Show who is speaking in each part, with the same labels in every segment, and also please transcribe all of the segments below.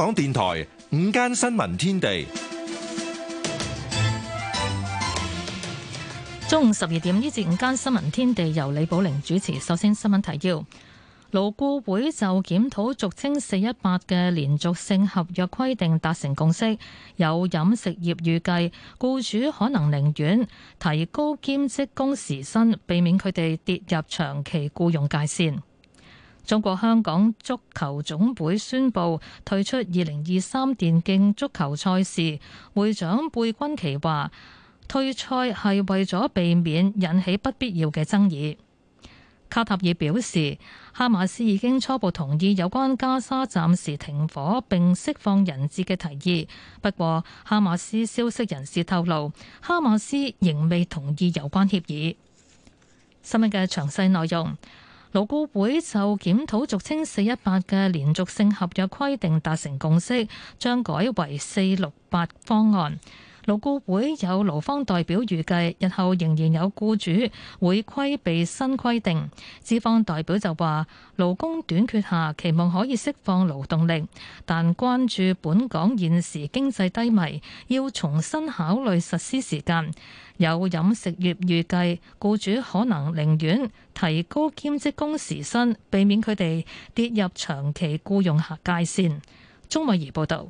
Speaker 1: 香港電台午間新聞天地，
Speaker 2: 中午十二點。呢節午間新聞天地由李寶玲主持。首先新聞提要：勞顧會就檢討俗稱四一八嘅連續性合約規定達成共識。有飲食業預計僱主可能寧願提高兼職工時薪，避免佢哋跌入長期僱傭界線。中國香港足球總會宣布退出二零二三電競足球賽事，會長貝鈞奇話：退賽係為咗避免引起不必要嘅爭議。卡塔爾表示，哈馬斯已經初步同意有關加沙暫時停火並釋放人質嘅提議，不過哈馬斯消息人士透露，哈馬斯仍未同意有關協議。新聞嘅詳細內容。勞顧會就檢討俗稱四一八嘅連續性合約規定達成共識，將改為四六八方案。勞顧會有勞方代表預計日後仍然有僱主會規避新規定，資方代表就話勞工短缺下期望可以釋放勞動力，但關注本港現時經濟低迷，要重新考慮實施時間。有飲食業預計，僱主可能寧願提高兼職工時薪，避免佢哋
Speaker 3: 跌入長期僱用客界線。鍾慧儀報導。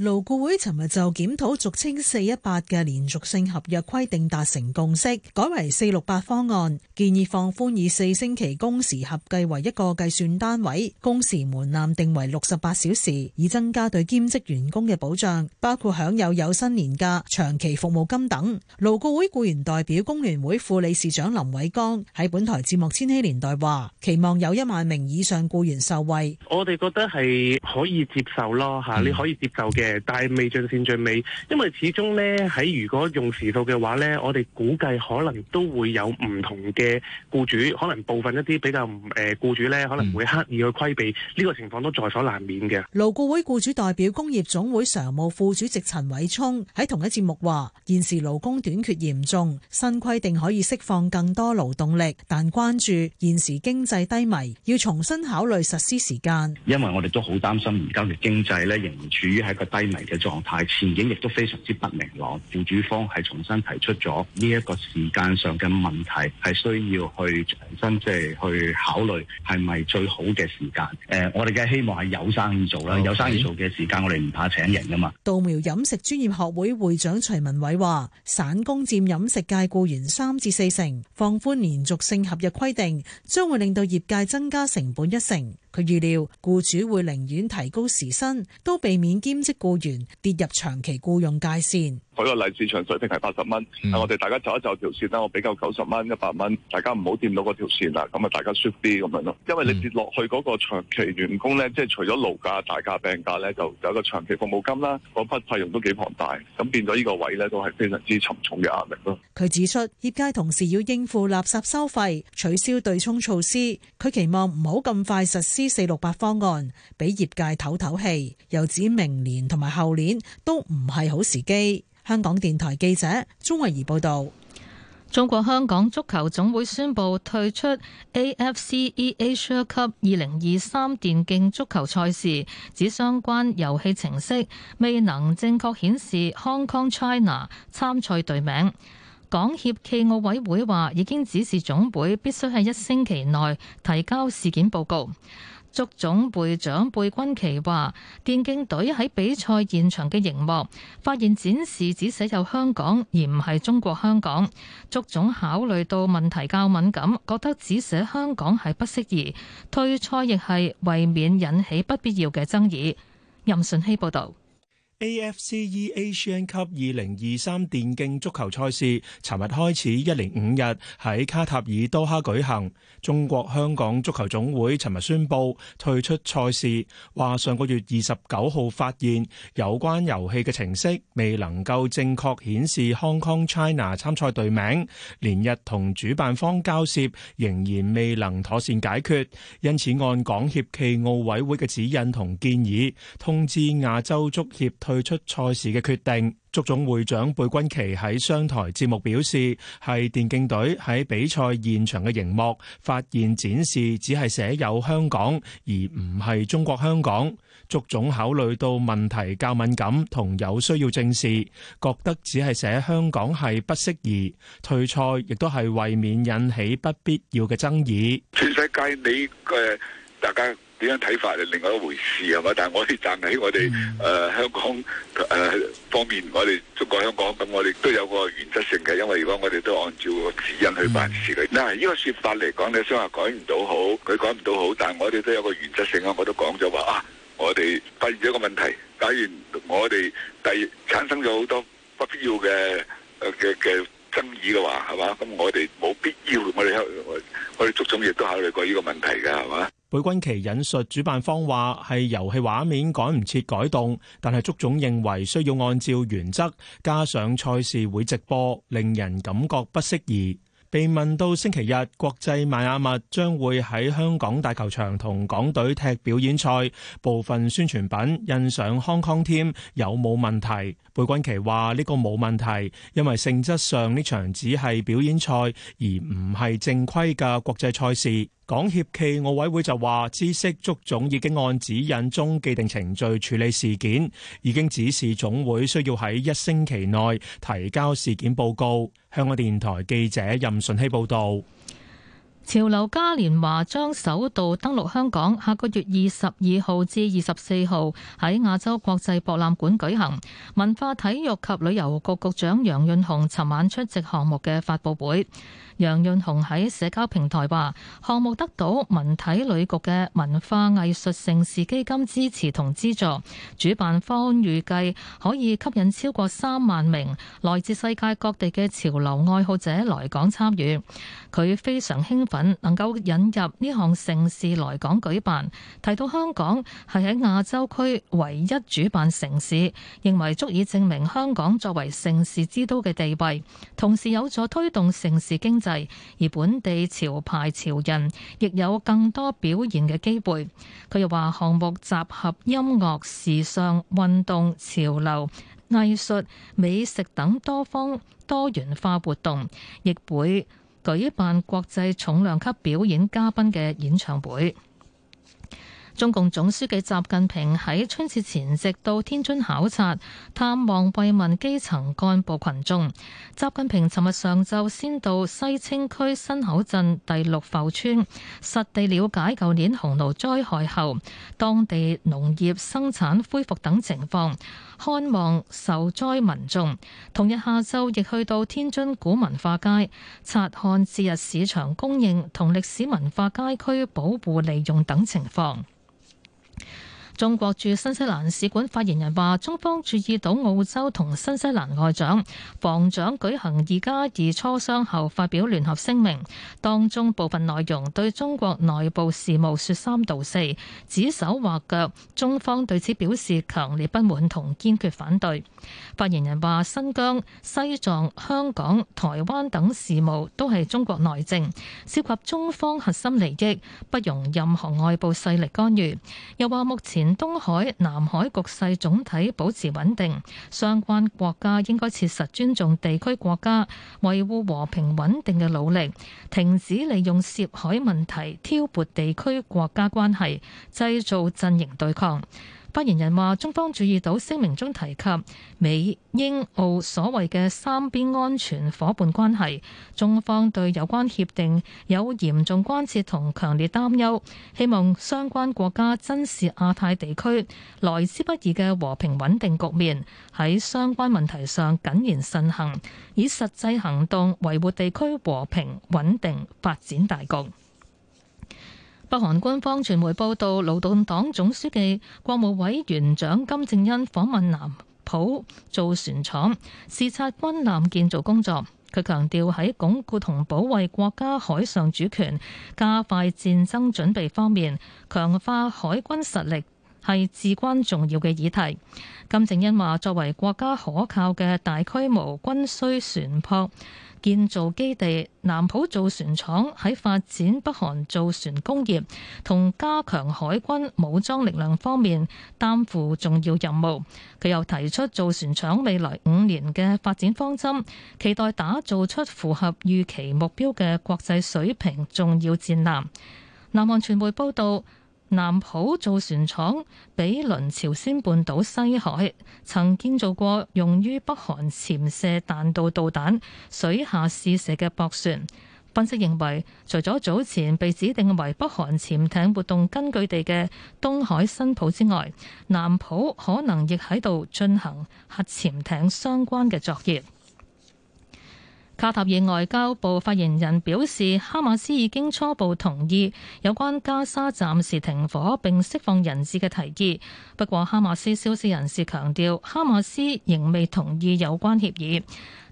Speaker 3: 勞雇會尋日就檢討俗稱四一八嘅連續性合約規定達成共識，改為四六八方案，建議放寬以四星期工時合計為一個計算單位，工時門檻定為六十八小時，以增加對兼職員工嘅保障，包括享有有薪年假、長期服務金等。勞顧會雇員代表工聯會副理事長林偉剛喺本台節目《千禧年代》話：期望有一萬名以上雇員受惠。
Speaker 4: 我哋覺得係可以接受咯，吓，你可以接受嘅。誒，但係未盡善盡美，因為始終咧喺如果用時數嘅話咧，我哋估計可能都會有唔同嘅僱主，可能部分一啲比較誒僱、呃、主咧，可能唔會刻意去規避呢、這個情況都在所難免嘅。
Speaker 3: 勞顧會僱主代表工業總會常務副主席陳偉聰喺同一節目話：現時勞工短缺嚴重，新規定可以釋放更多勞動力，但關注現時經濟低迷，要重新考慮實施時間，
Speaker 4: 因為我哋都好擔心，而家嘅經濟咧仍然處於喺個。低迷嘅狀態，前景亦都非常之不明朗。僱主方係重新提出咗呢一個時間上嘅問題，係需要去重新即係去考慮係咪最好嘅時間。誒，我哋嘅希望係有生意做啦，有生意做嘅時間，我哋唔怕請人㗎嘛。
Speaker 3: 道苗飲食專業學會會長徐文偉話，散工佔飲食界僱員三至四成，放寬連續性合約規定，將會令到業界增加成本一成。佢預料，僱主會寧願提高時薪，都避免兼職僱員跌入長期僱用界線。
Speaker 4: 舉個例子，市場水平係八十蚊，我哋大家走一走條線啦。我比較九十蚊、一百蚊，大家唔好掂到嗰條線啦。咁啊，大家舒啲咁樣咯。因為你跌落去嗰個長期員工咧，即係除咗勞價、大價、病假咧，就有個長期服務金啦，嗰筆費用都幾龐大，咁變咗呢個位咧都係非常之沉重嘅壓力咯。
Speaker 3: 佢指出，業界同時要應付垃圾收費取消對沖措施，佢期望唔好咁快實施四六八方案，俾業界唞唞氣。又指明年同埋後年都唔係好時機。香港電台記者鍾慧怡報道，中國香
Speaker 2: 港足球總會宣布退出 AFC eAsian Cup 二零二三電競足球賽事，指相關遊戲程式未能正確顯示 Hong Kong China 參賽隊名。港協暨奧委會話，已經指示總會必須喺一星期內提交事件報告。足總會長貝君奇話：電競隊喺比賽現場嘅熒幕，發現展示只寫有香港，而唔係中國香港。足總考慮到問題較敏感，覺得只寫香港係不適宜，退賽亦係為免引起不必要嘅爭議。任順希報導。
Speaker 1: AFC eAsian Cup 二零二三電競足球賽事尋日開始，一連五日喺卡塔爾多哈舉行。中國香港足球總會尋日宣布退出賽事，話上個月二十九號發現有關遊戲嘅程式未能夠正確顯示 Hong Kong China 參賽隊名，連日同主辦方交涉仍然未能妥善解決，因此按港協暨奧委會嘅指引同建議，通知亞洲足協。退出賽事嘅決定，足總會長貝君奇喺商台節目表示，係電競隊喺比賽現場嘅熒幕發現展示只係寫有香港，而唔係中國香港。足總考慮到問題較敏感同有需要正視，覺得只係寫香港係不適宜，退賽亦都係為免引起不必要嘅爭議。
Speaker 5: 全世界你嘅大家。點樣睇法係另外一回事係嘛？但係我哋站喺我哋誒、mm. 呃、香港誒、呃、方面，我哋中國香港咁，我哋都有個原則性嘅，因為如果我哋都按照個指引去辦事嘅。嗱，呢個說法嚟講，你雖然話改唔到好，佢改唔到好，但係我哋都有個原則性說說啊。我都講咗話啊，我哋發現咗一個問題，假如我哋第產生咗好多不必要嘅誒嘅嘅爭議嘅話，係嘛？咁我哋冇必要，我哋我我哋族中亦都考慮過呢個問題嘅，係嘛。
Speaker 1: 貝鈞奇引述主辦方話係遊戲畫面趕唔切改動，但係足總認為需要按照原則，加上賽事會直播，令人感覺不適宜。被問到星期日國際邁阿密將會喺香港大球場同港隊踢表演賽，部分宣傳品印上 Hong Kong 添，有冇問題？貝鈞奇話呢個冇問題，因為性質上呢場只係表演賽，而唔係正規嘅國際賽事。港協暨奧委會就話：知識足總已經按指引中既定程序處理事件，已經指示總會需要喺一星期內提交事件報告。香港電台記者任順希報導。
Speaker 2: 潮流嘉年華將首度登陸香港，下個月二十二號至二十四號喺亞洲國際博覽館舉行。文化體育及旅遊局局長楊潤雄尋晚出席項目嘅發佈會，楊潤雄喺社交平台話項目得到文體旅局嘅文化藝術盛事基金支持同資助，主辦方預計可以吸引超過三萬名來自世界各地嘅潮流愛好者來港參與，佢非常興奮。能夠引入呢項盛事來港舉辦，提到香港係喺亞洲區唯一主辦城市，認為足以證明香港作為盛事之都嘅地位，同時有助推動城市經濟，而本地潮牌潮人亦有更多表現嘅機會。佢又話項目集合音樂時尚、運動潮流、藝術美食等多方多元化活動亦會舉辦國際重量級表演嘉賓嘅演唱會。中共總書記習近平喺春節前夕到天津考察，探望慰問基層幹部群眾。習近平尋日上晝先到西青區新口鎮第六埠村，實地了解舊年洪澇災害後當地農業生產恢復等情況。看望受災民眾，同日下晝亦去到天津古文化街，察看節日市場供應同歷史文化街區保護利用等情況。中國駐新西蘭使館發言人話：中方注意到澳洲同新西蘭外長、防長舉行二加二磋商後發表聯合聲明，當中部分內容對中國內部事務說三道四、指手畫腳，中方對此表示強烈不滿同堅決反對。發言人話：新疆、西藏、香港、台灣等事務都係中國內政，涉及中方核心利益，不容任何外部勢力干預。又話目前，東海、南海局勢總體保持穩定，相關國家應該切實尊重地區國家維護和平穩定嘅努力，停止利用涉海問題挑撥地區國家關係，製造陣營對抗。發言人話：中方注意到聲明中提及美英澳所謂嘅三邊安全伙伴關係，中方對有關協定有嚴重關切同強烈擔憂，希望相關國家珍視亞太地區來之不易嘅和平穩定局面，喺相關問題上謹言慎行，以實際行動維護地區和平穩定發展大局。北韓軍方傳媒報道，勞動黨總書記、國務委員長金正恩訪問南浦造船廠，視察軍艦建造工作。佢強調喺鞏固同保衛國家海上主權、加快戰爭準備方面，強化海軍實力係至關重要嘅議題。金正恩話：作為國家可靠嘅大規模軍需船舶建造基地，南浦造船廠喺發展北韓造船工業同加強海軍武裝力量方面擔負重要任務，佢又提出造船廠未來五年嘅發展方針，期待打造出符合預期目標嘅國際水平重要戰艦。南韓傳媒報道。南浦造船廠毗鄰朝鮮半島西海，曾建造過用於北韓潛射彈道導彈水下試射嘅駁船。分析認為，除咗早前被指定為北韓潛艇活動根據地嘅東海新浦之外，南浦可能亦喺度進行核潛艇相關嘅作業。卡塔爾外交部發言人表示，哈馬斯已經初步同意有關加沙暫時停火並釋放人質嘅提議。不過，哈馬斯消息人士強調，哈馬斯仍未同意有關協議。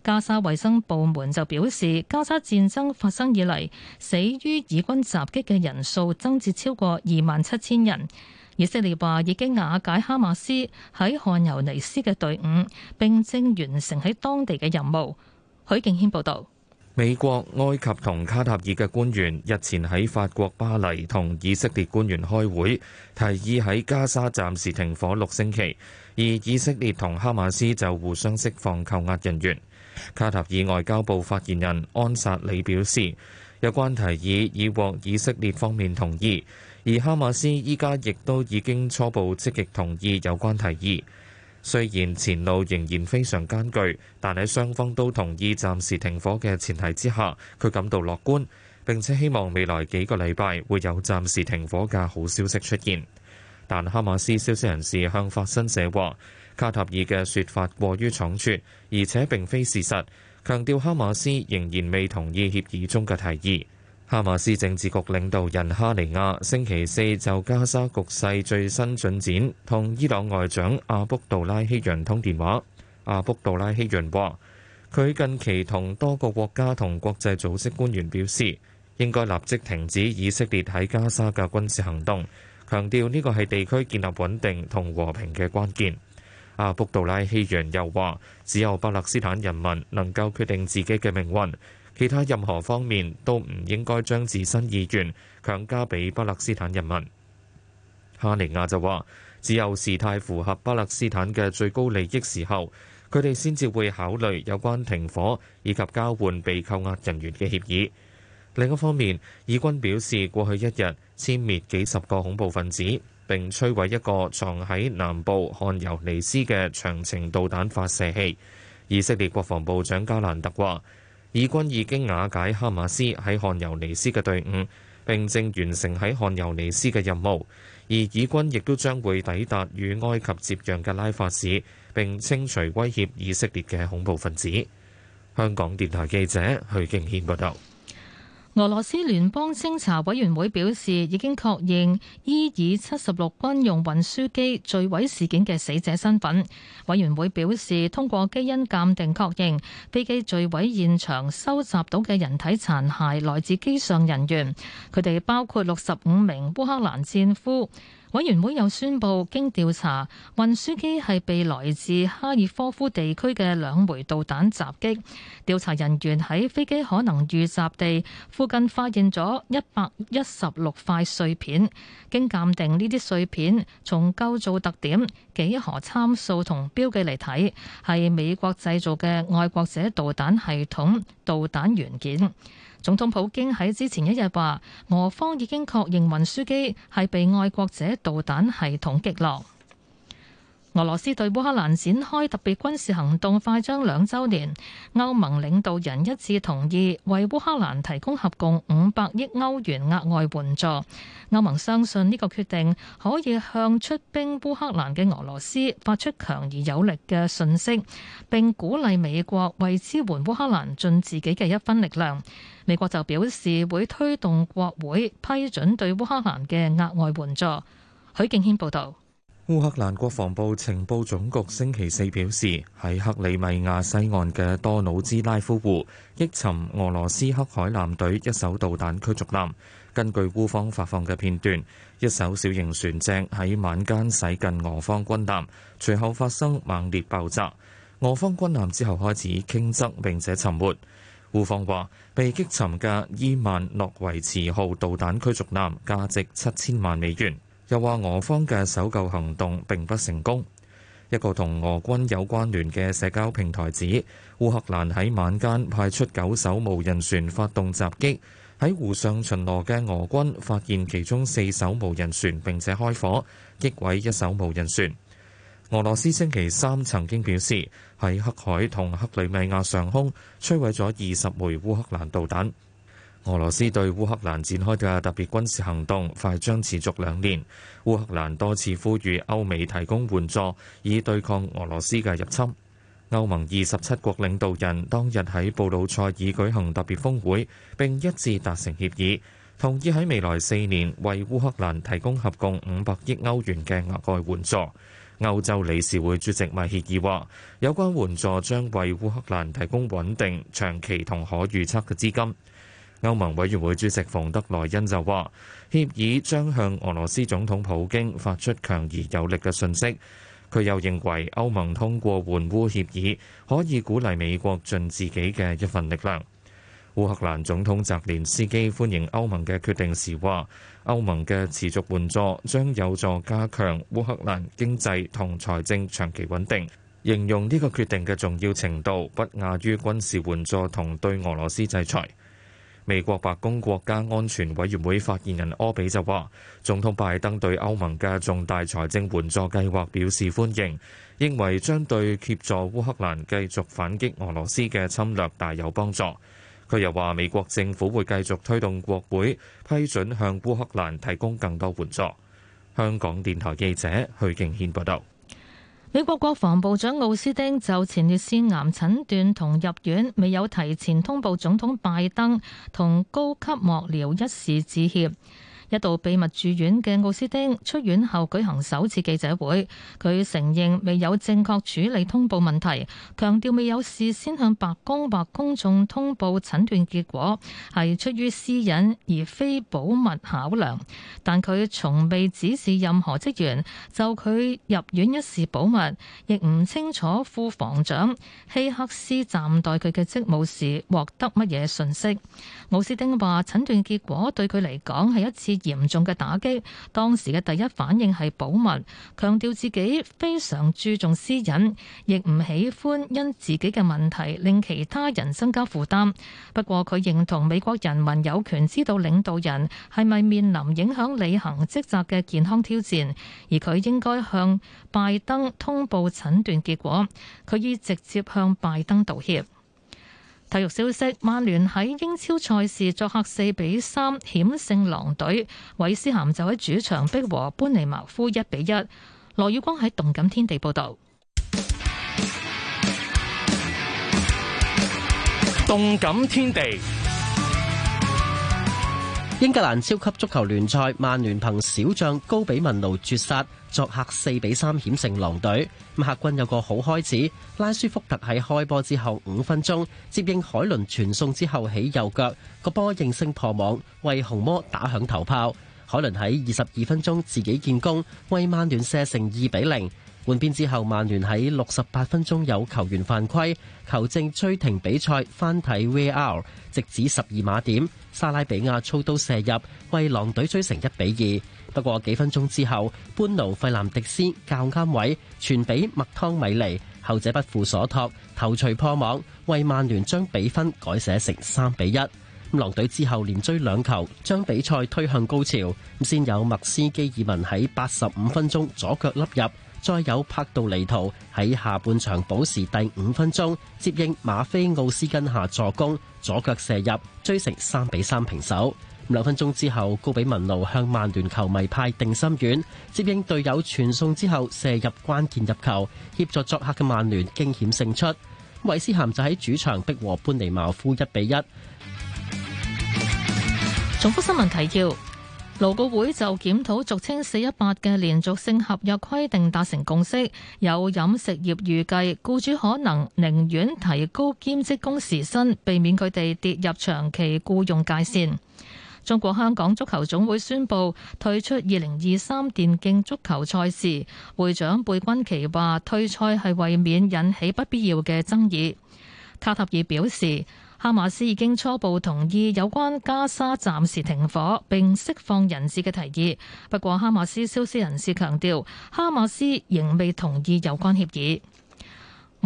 Speaker 2: 加沙衛生部門就表示，加沙戰爭發生以嚟，死於以軍襲擊嘅人數增至超過二萬七千人。以色列話已經瓦解哈馬斯喺汗尤尼斯嘅隊伍，並正完成喺當地嘅任務。許敬軒報道：
Speaker 6: 美國、埃及同卡塔爾嘅官員日前喺法國巴黎同以色列官員開會，提議喺加沙暫時停火六星期，而以色列同哈馬斯就互相釋放扣押人員。卡塔爾外交部發言人安薩里表示，有關提議已獲以色列方面同意，而哈馬斯依家亦都已經初步積極同意有關提議。雖然前路仍然非常艱巨，但喺雙方都同意暫時停火嘅前提之下，佢感到樂觀，並且希望未來幾個禮拜會有暫時停火嘅好消息出現。但哈馬斯消息人士向法新社話：卡塔爾嘅説法過於倉促，而且並非事實，強調哈馬斯仍然未同意協議中嘅提議。哈馬斯政治局領導人哈尼亞星期四就加沙局勢最新進展同伊朗外長阿卜杜拉希揚通電話。阿卜杜拉希揚話：佢近期同多個國家同國際組織官員表示，應該立即停止以色列喺加沙嘅軍事行動，強調呢個係地區建立穩定同和，和平嘅關鍵。阿卜杜拉希揚又話：只有巴勒斯坦人民能夠決定自己嘅命運。其他任何方面都唔應該將自身意願強加俾巴勒斯坦人民。哈尼亞就話：只有事態符合巴勒斯坦嘅最高利益時候，佢哋先至會考慮有關停火以及交換被扣押人員嘅協議。另一方面，以軍表示過去一日殲滅幾十個恐怖分子，並摧毀一個藏喺南部漢尤尼斯嘅長程導彈發射器。以色列國防部長加蘭特話。以軍已經瓦解哈馬斯喺汗尤尼斯嘅隊伍，並正完成喺汗尤尼斯嘅任務，而以軍亦都將會抵達與埃及接壤嘅拉法市，並清除威脅以色列嘅恐怖分子。香港電台記者許敬軒報道。
Speaker 2: 俄羅斯聯邦偵查委員會表示，已經確認伊爾七十六軍用運輸機墜毀事件嘅死者身份。委員會表示，通過基因鑑定確認飛機墜毀現場收集到嘅人體殘骸來自機上人員，佢哋包括六十五名烏克蘭戰俘。委員會又宣布，經調查，運輸機係被來自哈爾科夫地區嘅兩枚導彈襲擊。調查人員喺飛機可能遇襲地附近發現咗一百一十六塊碎片，經鑑定，呢啲碎片從構造特點、幾何參數同標記嚟睇，係美國製造嘅愛國者導彈系統導彈元件。總統普京喺之前一日話，俄方已經確認運輸機係被愛國者導彈系統擊落。俄羅斯對烏克蘭展開特別軍事行動快將兩周年，歐盟領導人一致同意為烏克蘭提供合共五百億歐元額外援助。歐盟相信呢個決定可以向出兵烏克蘭嘅俄羅斯發出強而有力嘅訊息，並鼓勵美國為支援烏克蘭盡自己嘅一分力量。美國就表示會推動國會批准對烏克蘭嘅額外援助。許敬軒報道。
Speaker 6: 烏克蘭國防部情報總局星期四表示，喺克里米亞西岸嘅多瑙茲拉夫湖擊沉俄羅斯黑海艦隊一艘導彈驅逐艦。根據烏方發放嘅片段，一艘小型船隻喺晚間駛近俄方軍艦，隨後發生猛烈爆炸。俄方軍艦之後開始傾側，並且沉沒。烏方話，被擊沉嘅伊萬諾維茨號導彈驅逐艦價值七千萬美元。又話俄方嘅搜救行動並不成功。一個同俄軍有關聯嘅社交平台指，烏克蘭喺晚間派出九艘無人船發動襲擊，喺湖上巡邏嘅俄軍發現其中四艘無人船，並且開火擊毀一艘無人船。俄羅斯星期三曾經表示，喺黑海同克里米亞上空摧毀咗二十枚烏克蘭導彈。俄羅斯對烏克蘭展開嘅特別軍事行動，快將持續兩年。烏克蘭多次呼籲歐美提供援助，以對抗俄羅斯嘅入侵。歐盟二十七國領導人當日喺布魯塞爾舉行特別峰會，並一致達成協議，同意喺未來四年為烏克蘭提供合共五百億歐元嘅額外援助。歐洲理事會主席米歇爾話，有關援助將為烏克蘭提供穩定、長期同可預測嘅資金。歐盟委員會主席馮德萊恩就話，協議將向俄羅斯總統普京發出強而有力嘅訊息。佢又認為歐盟通過援烏協議，可以鼓勵美國盡自己嘅一份力量。烏克蘭總統澤連斯基歡迎歐盟嘅決定時話，歐盟嘅持續援助將有助加強烏克蘭經濟同財政長期穩定，形容呢個決定嘅重要程度不亞於軍事援助同對俄羅斯制裁。美國白宮國家安全委員會發言人柯比就話：總統拜登對歐盟嘅重大財政援助計劃表示歡迎，認為將對協助烏克蘭繼續反擊俄羅斯嘅侵略大有幫助。佢又話：美國政府會繼續推動國會批准向烏克蘭提供更多援助。香港電台記者許敬軒報道。
Speaker 2: 美國國防部長奧斯汀就前列腺癌診斷同入院未有提前通報總統拜登同高級幕僚一事致歉。一度秘密住院嘅奧斯汀出院後舉行首次記者會，佢承認未有正確處理通報問題，強調未有事先向白宮或公眾通報診斷結果係出於私隱而非保密考量。但佢從未指示任何職員就佢入院一事保密，亦唔清楚副防長希克斯暫代佢嘅職務時獲得乜嘢信息。奧斯汀話診斷結果對佢嚟講係一次。嚴重嘅打擊，當時嘅第一反應係保密，強調自己非常注重私隱，亦唔喜歡因自己嘅問題令其他人增加負擔，不過佢認同美國人民有權知道領導人係咪面臨影響履行職責嘅健康挑戰，而佢應該向拜登通報診斷結果。佢已直接向拜登道歉。體育消息：曼聯喺英超賽事作客四比三險勝狼隊，韋斯咸就喺主場逼和般尼茅夫一比一。羅耀光喺動感天地報道。動感天地。報
Speaker 7: 英格蘭超級足球聯賽，曼聯憑小將高比文奴絕殺，作客四比三險勝狼隊。咁客軍有個好開始，拉舒福特喺開波之後五分鐘接應海倫傳送之後起右腳，個波應聲破網，為紅魔打響頭炮。海倫喺二十二分鐘自己建功，為曼聯射成二比零。換邊之後，曼聯喺六十八分鐘有球員犯規，球證追停比賽，翻睇 VAR，直至十二碼點。莎拉比亞操刀射入，為狼隊追成一比二。不過幾分鐘之後，班奴費蘭迪斯較啱位，傳俾麥湯米尼，後者不負所託，頭槌破網，為曼聯將比分改寫成三比一。狼隊之後連追兩球，將比賽推向高潮。先有麥斯基爾文喺八十五分鐘左腳粒入。再有拍到尼圖喺下半場補時第五分鐘接應馬菲奧斯根下助攻，左腳射入，追成三比三平手。兩分鐘之後，高比文路向曼聯球迷派定心丸，接應隊友傳送之後射入關鍵入球，協助作客嘅曼聯驚險勝出。韋斯咸就喺主場逼和般尼茅夫一比一。
Speaker 2: 重複新聞提要。勞顧會就檢討俗稱四一八嘅連續性合約規定達成共識。有飲食業預計，僱主可能寧願提高兼職工時薪，避免佢哋跌入長期僱傭界線。中國香港足球總會宣布退出二零二三電競足球賽事。會長貝鈞奇話，退賽係為免引起不必要嘅爭議。卡塔爾表示。哈馬斯已經初步同意有關加沙暫時停火並釋放人質嘅提議，不過哈馬斯消息人士強調，哈馬斯仍未同意有關協議。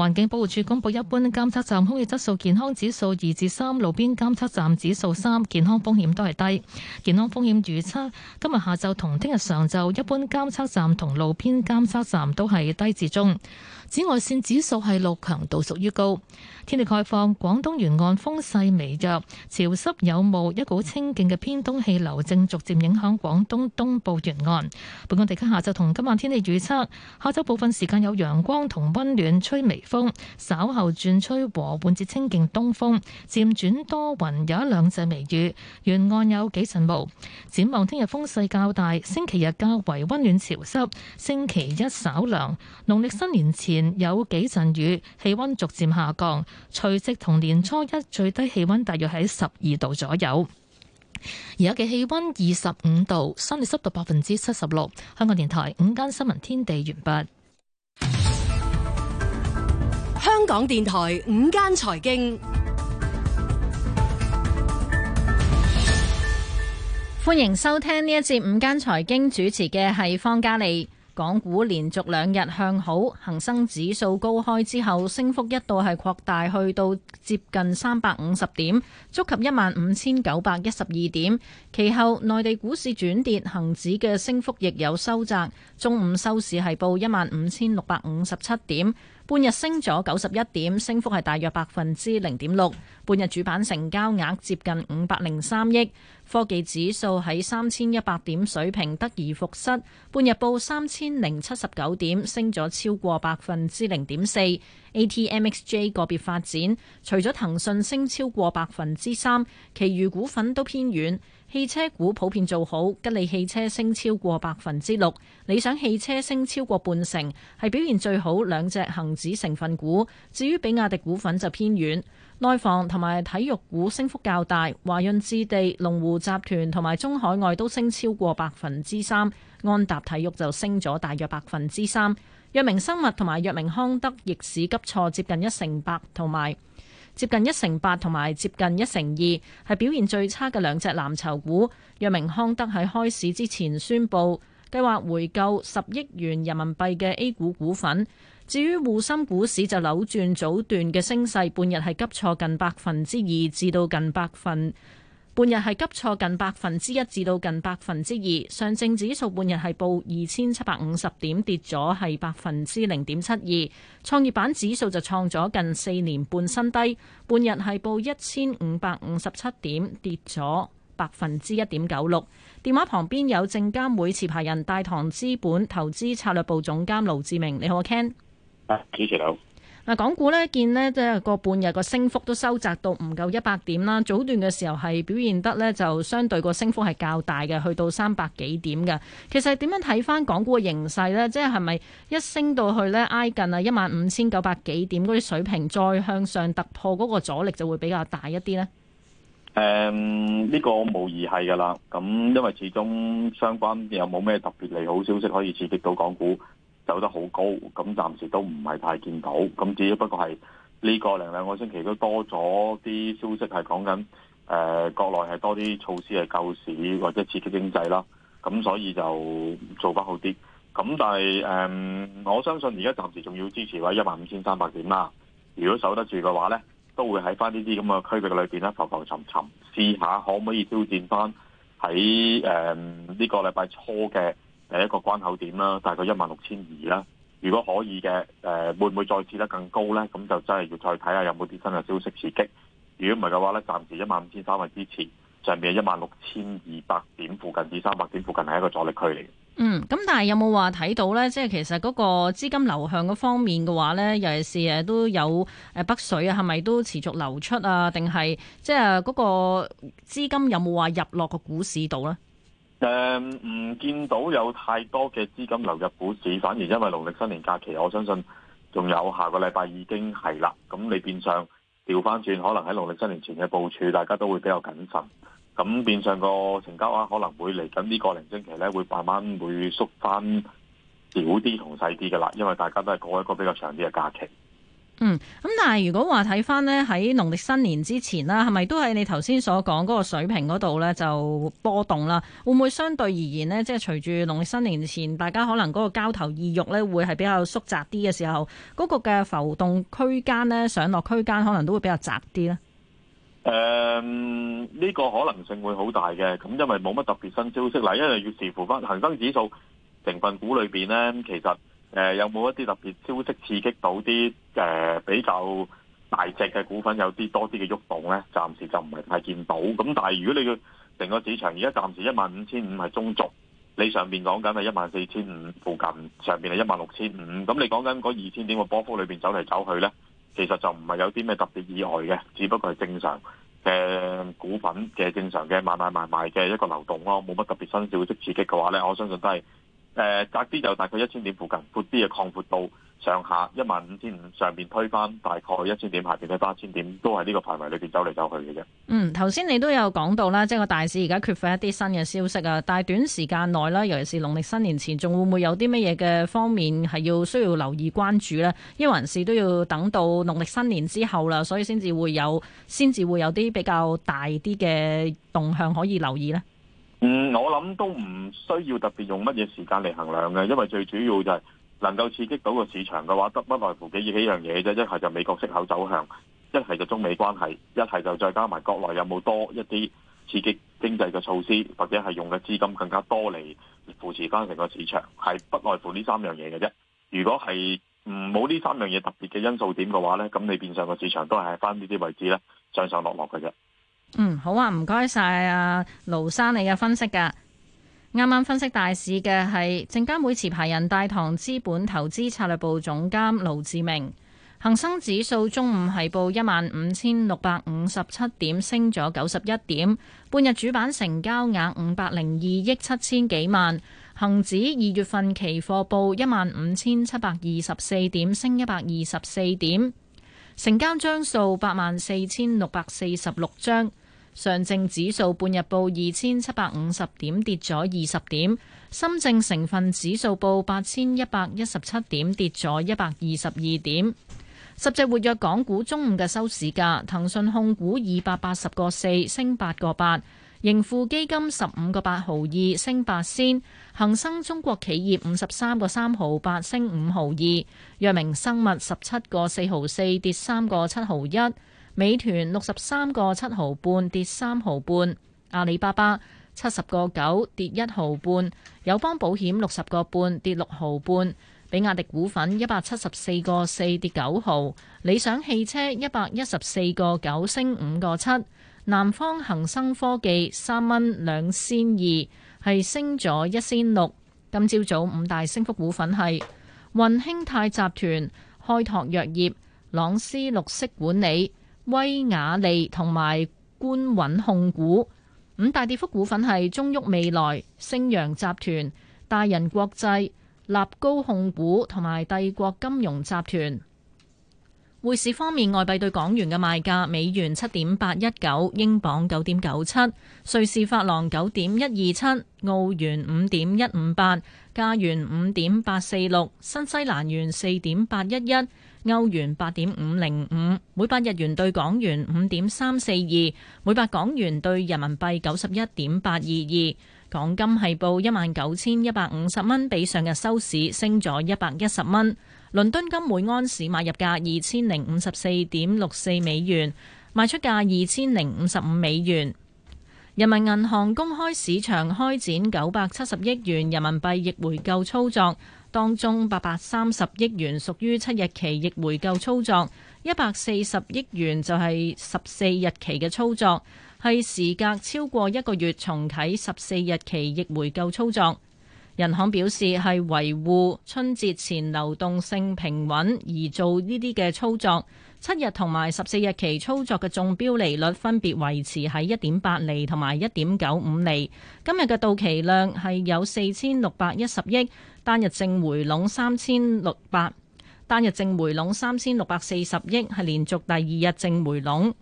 Speaker 2: 環境保護署公布一般監測站空氣質素健康指數二至三，路邊監測站指數三，健康風險都係低。健康風險預測今日下晝同聽日上晝，一般監測站同路邊監測站都係低至中。紫外線指數係六，強度屬於高。天氣概況：廣東沿岸風勢微弱，潮濕有霧。一股清勁嘅偏東氣流正逐漸影響廣東東部沿岸。本港地區下晝同今晚天氣預測：下晝部分時間有陽光同温暖，吹微。風稍後轉吹和緩至清勁東風，漸轉多雲，有一兩陣微雨，沿岸有幾陣霧。展望聽日風勢較大，星期日較為溫暖潮濕，星期一稍涼。農曆新年前有幾陣雨，氣溫逐漸下降，除夕同年初一最低氣溫大約喺十二度左右。而家嘅氣溫二十五度，相對濕度百分之七十六。香港電台午間新聞天地完畢。香港
Speaker 8: 電台午間財經，歡迎收聽呢一節午間財經，主持嘅係方嘉利。港股連續兩日向好，恒生指數高開之後，升幅一度係擴大去到接近三百五十點，觸及一萬五千九百一十二點。其後內地股市轉跌，恒指嘅升幅亦有收窄。中午收市係報一萬五千六百五十七點。半日升咗九十一點，升幅係大約百分之零點六。半日主板成交額接近五百零三億，科技指數喺三千一百點水平得而復失，半日報三千零七十九點，升咗超過百分之零點四。A T M X J 個別發展，除咗騰訊升超過百分之三，其餘股份都偏軟。汽車股普遍做好，吉利汽車升超過百分之六，理想汽車升超過半成，係表現最好兩隻恒指成分股。至於比亞迪股份就偏遠，內房同埋體育股升幅較大，華潤置地、龍湖集團同埋中海外都升超過百分之三，安踏體育就升咗大約百分之三，藥明生物同埋藥明康德逆市急挫接近一成百，同埋。接近一成八同埋接近一成二，係表現最差嘅兩隻藍籌股。藥明康德喺開市之前宣布計劃回購十億元人民幣嘅 A 股股份。至於滬深股市就扭轉早段嘅升勢，半日係急挫近百分之二至到近百分。半日係急挫近百分之一至到近百分之二，上證指數半日係報二千七百五十點，跌咗係百分之零點七二。創業板指數就創咗近四年半新低，半日係報一千五百五十七點，跌咗百分之一點九六。電話旁邊有證監會持牌人大唐資本投資策略部總監盧志明，你好，Ken。啊，主持人嗱，港股呢見呢即係個半日個升幅都收窄到唔夠一百點啦。早段嘅時候係表現得呢，就相對個升幅係較大嘅，去到三百幾點嘅。其實點樣睇翻港股嘅形勢呢？即係係咪一升到去呢，挨近啊一萬五千九百幾點嗰啲水平，再向上突破嗰個阻力就會比較大一啲呢？誒、
Speaker 4: 嗯，呢個無疑係噶啦。咁因為始終相關又冇咩特別利好消息可以刺激到港股。走得好高，咁暫時都唔係太見到，咁只不過係呢個零兩個星期都多咗啲消息係講緊，誒、呃、國內係多啲措施係救市或者刺激經濟啦，咁所以就做翻好啲，咁但係誒、呃，我相信而家暫時仲要支持位一萬五千三百點啦，如果守得住嘅話咧，都會喺翻呢啲咁嘅區域裏邊咧浮浮沉沉，試下可唔可以挑戰翻喺誒呢個禮拜初嘅。誒一個關口點啦，大概一萬六千二啦。如果可以嘅，誒會唔會再刺得更高咧？咁就真係要再睇下有冇啲新嘅消息刺激。如果唔係嘅話咧，暫時一萬五千三百之前上邊，一萬六千二百點附近至三百點附近係一個阻力區嚟
Speaker 8: 嘅。嗯，咁但係有冇話睇到咧？即係其實嗰個資金流向嗰方面嘅話咧，尤其是誒都有誒北水啊，係咪都持續流出啊？定係即係嗰個資金有冇話入落個股市度咧？
Speaker 4: 誒，唔、um, 見到有太多嘅資金流入股市，反而因為農曆新年假期，我相信仲有下個禮拜已經係啦。咁你變相調翻轉，可能喺農曆新年前嘅部署，大家都會比較謹慎。咁變相個成交額可能會嚟緊呢個零星期咧，會慢慢會縮翻少啲同細啲噶啦，因為大家都係過一個比較長啲嘅假期。
Speaker 8: 嗯，咁但係如果話睇翻呢，喺農曆新年之前啦，係咪都係你頭先所講嗰個水平嗰度呢？就波動啦？會唔會相對而言呢？即係隨住農曆新年前，大家可能嗰個交投意欲呢會係比較縮窄啲嘅時候，嗰、嗰個嘅浮動區間呢、上落區間可能都會比較窄啲呢？誒、嗯，
Speaker 4: 呢、呢個可能性會好大嘅，咁因為冇乜特別新消息嗱，因為要視乎翻恒生指數成分股裏邊呢，其實。誒，有冇一啲特別消息刺激到啲誒、呃、比較大隻嘅股份有啲多啲嘅喐動咧？暫時就唔係太見到。咁但係如果你要成個市場而家暫時一萬五千五係中軸，你上邊講緊係一萬四千五附近，上邊係一萬六千五。咁你講緊嗰二千點個波幅裏邊走嚟走去咧，其實就唔係有啲咩特別意外嘅，只不過係正常嘅股份嘅正常嘅買買買買嘅一個流動咯，冇乜特別新消息刺激嘅話咧，我相信都係。誒窄啲就大概一千點附近，闊啲嘅擴闊到上下一萬五千五，上邊推翻大概一千點，下邊咧八千點，都係呢個範圍裏邊走嚟走去嘅啫。嗯，
Speaker 8: 頭先你都有講到啦，即係個大市而家缺乏一啲新嘅消息啊，但係短時間內啦，尤其是農曆新年農曆新年前，仲會唔會有啲乜嘢嘅方面係要需要留意關注呢？因為人士都要等到農曆新年之後啦，所以先至會有，先至會有啲比較大啲嘅動向可以留意呢？
Speaker 4: 嗯，我諗都唔需要特別用乜嘢時間嚟衡量嘅，因為最主要就係能夠刺激到個市場嘅話，得不外乎幾幾樣嘢啫。一係就美國息口走向，一係就中美關係，一係就再加埋國內有冇多一啲刺激經濟嘅措施，或者係用嘅資金更加多嚟扶持翻成個市場，係不外乎呢三樣嘢嘅啫。如果係唔冇呢三樣嘢特別嘅因素點嘅話呢，咁你變相個市場都係喺翻呢啲位置呢，上上落落嘅啫。
Speaker 8: 嗯，好啊，唔該晒啊。盧生你嘅分析噶、啊。啱啱分析大市嘅係證監會持牌人大堂資本投資策略部總監盧志明。恒生指數中午係報一萬五千六百五十七點，升咗九十一點。半日主板成交額五百零二億七千幾萬。恒指二月份期貨報一萬五千七百二十四點，升一百二十四點。成交張數八萬四千六百四十六張。上證指數半日報二千七百五十點，跌咗二十點。深證成分指數報八千一百一十七點，跌咗一百二十二點。十隻活躍港股中午嘅收市價：騰訊控股二百八十個四，升八個八；盈富基金十五個八毫二，升八仙；恒生中國企業五十三個三毫八，升五毫二；藥明生物十七個四毫四，跌三個七毫一。美團六十三個七毫半跌三毫半，阿里巴巴七十個九跌一毫半，友邦保險六十個半跌六毫半，比亞迪股份一百七十四個四跌九毫，理想汽車一百一十四個九升五個七，南方恒生科技三蚊兩仙二係升咗一仙六。今朝早五大升幅股份係雲興泰集團、開拓藥業、朗斯綠色管理。威雅利同埋冠穩控股，五大跌幅股份係中旭未來、星洋集團、大仁國際、立高控股同埋帝國金融集團。匯市方面，外幣對港元嘅賣價：美元七點八一九，英鎊九點九七，瑞士法郎九點一二七，澳元五點一五八，加元五點八四六，新西蘭元四點八一一，歐元八點五零五，每百日元對港元五點三四二，每百港元對人民幣九十一點八二二。港金係報一萬九千一百五十蚊，比上日收市升咗一百一十蚊。倫敦金每安士買入價二千零五十四點六四美元，賣出價二千零五十五美元。人民銀行公開市場開展九百七十億元人民幣逆回購操作，當中八百三十億元屬於七日期逆回購操作，一百四十億元就係十四日期嘅操作，係時隔超過一個月重啟十四日期逆回購操作。人行表示係維護春節前流動性平穩而做呢啲嘅操作。七日同埋十四日期操作嘅中標利率分別維持喺一點八厘同埋一點九五厘。今日嘅到期量係有四千六百一十億，單日淨回籠三千六百，單日淨回籠三千六百四十億，係連續第二日淨回籠。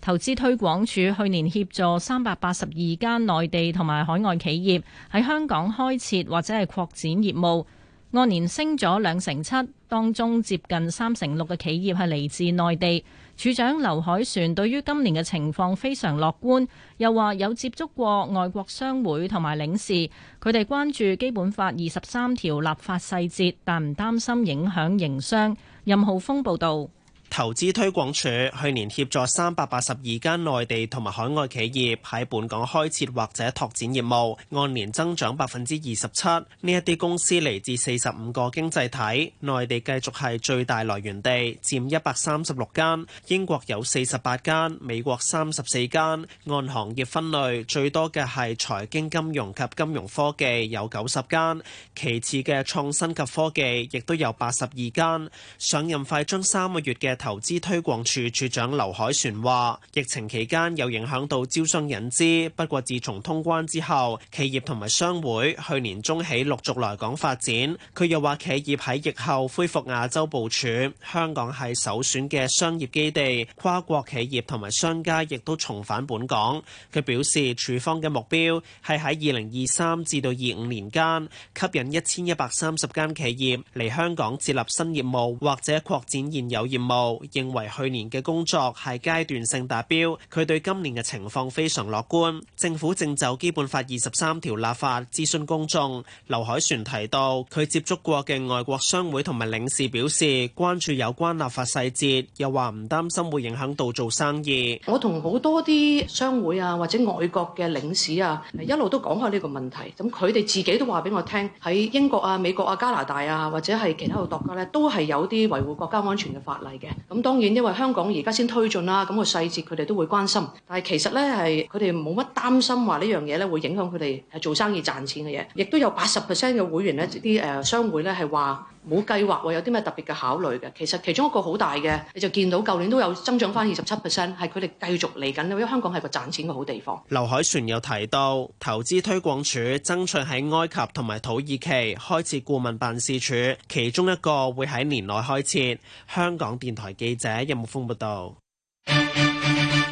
Speaker 8: 投資推廣署去年協助三百八十二間內地同埋海外企業喺香港開設或者係擴展業務，按年升咗兩成七，當中接近三成六嘅企業係嚟自內地。署長劉凱旋對於今年嘅情況非常樂觀，又話有接觸過外國商會同埋領事，佢哋關注基本法二十三條立法細節，但唔擔心影響營商。任浩峰報導。
Speaker 5: 投資推廣署去年協助三百八十二間內地同埋海外企業喺本港開設或者拓展業務，按年增長百分之二十七。呢一啲公司嚟自四十五個經濟體，內地繼續係最大來源地，佔一百三十六間。英國有四十八間，美國三十四間。按行業分類，最多嘅係財經金融及金融科技，有九十間；其次嘅創新及科技，亦都有八十二間。上任快將三個月嘅。投資推廣處處長劉凱旋話，疫情期間有影響到招商引資，不過自從通關之後，企業同埋商會去年中起陸續來港發展。佢又話，企業喺疫後恢復亞洲部署，香港係首選嘅商業基地，跨國企業同埋商家亦都重返本港。佢表示，署方嘅目標係喺二零二三至到二五年間，吸引一千一百三十間企業嚟香港設立新業務或者擴展現有業務。認為去年嘅工作係階段性達標，佢對今年嘅情況非常樂觀。政府正就《基本法》二十三條立法諮詢公眾。劉海璇提到，佢接觸過嘅外國商會同埋領事表示，關注有關立法細節，又話唔擔心會影響到做生意。我
Speaker 3: 同好多啲商會啊，或者外國嘅領事啊，一路都講下呢個問題。咁佢哋自己都話俾我聽，喺英國啊、美國啊、加拿大啊，或者係其他度度嘅咧，都係有啲維護國家安全嘅法例嘅。咁當然，因為香港而家先推進啦，咁、那個細節佢哋都會關心。但係其實咧係佢哋冇乜擔心話呢樣嘢會影響佢哋係做生意賺錢嘅嘢。亦都有八十 percent 嘅會員咧，啲、呃、商會咧係話。冇計劃喎，有啲咩特別嘅考慮嘅？其實其中一個好大嘅，你就見到舊年都有增長返二十七 percent，係佢哋繼續嚟緊，因為香港係個賺錢嘅好地方。
Speaker 5: 劉海璇又提到，投資推廣署爭取喺埃及同埋土耳其開設顧問辦事處，其中一個會喺年內開設。香港電台記者任木風報道。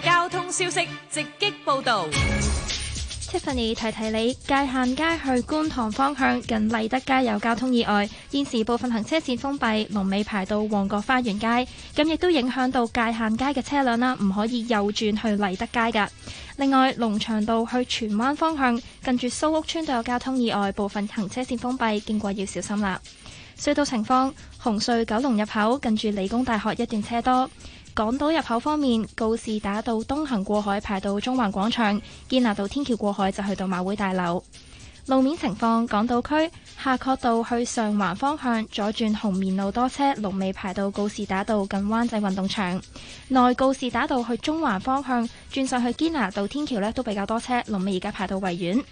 Speaker 8: 交通消息直擊報導。
Speaker 9: Tiffany 提提你，界限街去觀塘方向近麗德街有交通意外，現時部分行車線封閉，龍尾排到旺角花園街，咁亦都影響到界限街嘅車輛啦，唔可以右轉去麗德街㗎。另外，龍翔道去荃灣方向，近住蘇屋村都有交通意外，部分行車線封閉，經過要小心啦。隧道情況，紅隧九龍入口近住理工大學一段車多。港島入口方面，告士打道東行過海排到中環廣場，堅拿道天橋過海就去到馬會大樓。路面情況，港島區夏慤道去上環方向左轉紅棉路多車，龍尾排到告士打道近灣仔運動場。內告士打道去中環方向轉上去堅拿道天橋呢都比較多車，龍尾而家排到維園。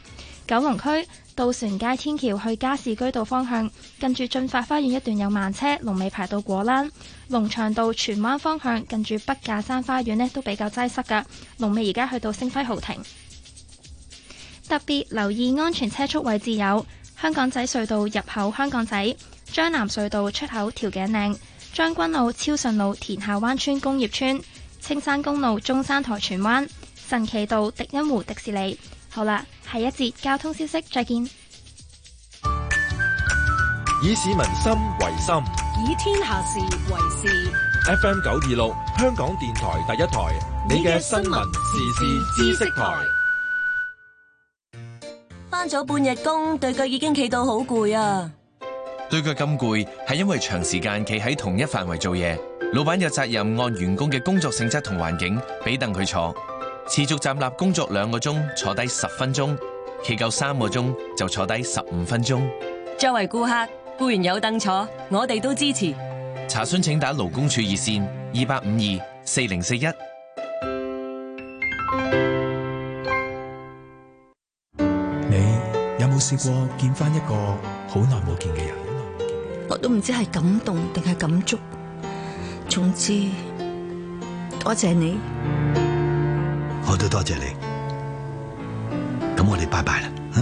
Speaker 9: 九龍區渡船街天橋去加士居道方向，近住駿發花園一段有慢車，龍尾排到果欄；龍翔道荃灣方向近住北架山花園呢都比較擠塞噶，龍尾而家去到星輝豪庭。特別留意安全車速位置有香港仔隧道入口、香港仔、將南隧道出口、調景嶺、將軍澳超順路、田下灣村工業村、青山公路中山台荃灣、神奇道、迪欣湖、迪士尼。好啦，下一節交通消息，再見。
Speaker 1: 以市民心為心，
Speaker 9: 以天下事為事。
Speaker 1: F. M. 九二六，香港電台第一台，你嘅新聞時事知識台。
Speaker 8: 返咗半日工，對腳已經企到好攰啊！
Speaker 6: 對腳咁攰，係因為長時間企喺同一範圍做嘢。老闆有責任按員工嘅工作性質同環境，俾凳佢坐。持續站立工作兩個鐘，坐低十分鐘；企夠三個鐘就坐低十五分鐘。
Speaker 8: 作為顧客固然有凳坐，我哋都支持。
Speaker 6: 查詢請打勞工處熱綫二八五二四零四一。
Speaker 4: 你有冇試過見返一個好耐冇見嘅人？
Speaker 3: 我都唔知係感動定係感觸，總之多謝你。
Speaker 9: 多謝你，咁我哋拜拜啦，吓！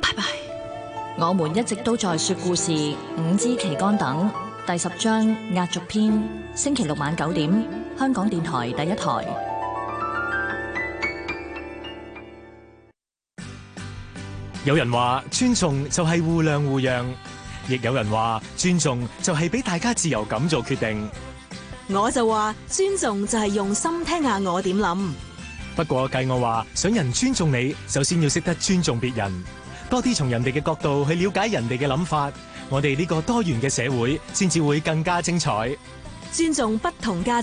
Speaker 9: 拜
Speaker 8: 拜。我們一直都在說故事《五枝旗桿等》第十章壓軸篇，星期六晚九點，香港電台第一台。
Speaker 1: 有人話尊重就係互諒互讓，亦有人話尊重就係俾大家自由咁做決定。
Speaker 3: 我就話尊重就係用心聽下我點諗。
Speaker 1: 不過計我話，想人尊重你，首先要識得尊重別人，多啲從人哋嘅角度去了解人哋嘅諗法，我哋呢個多元嘅社會，先至會更加精彩。
Speaker 3: 尊重不同價值。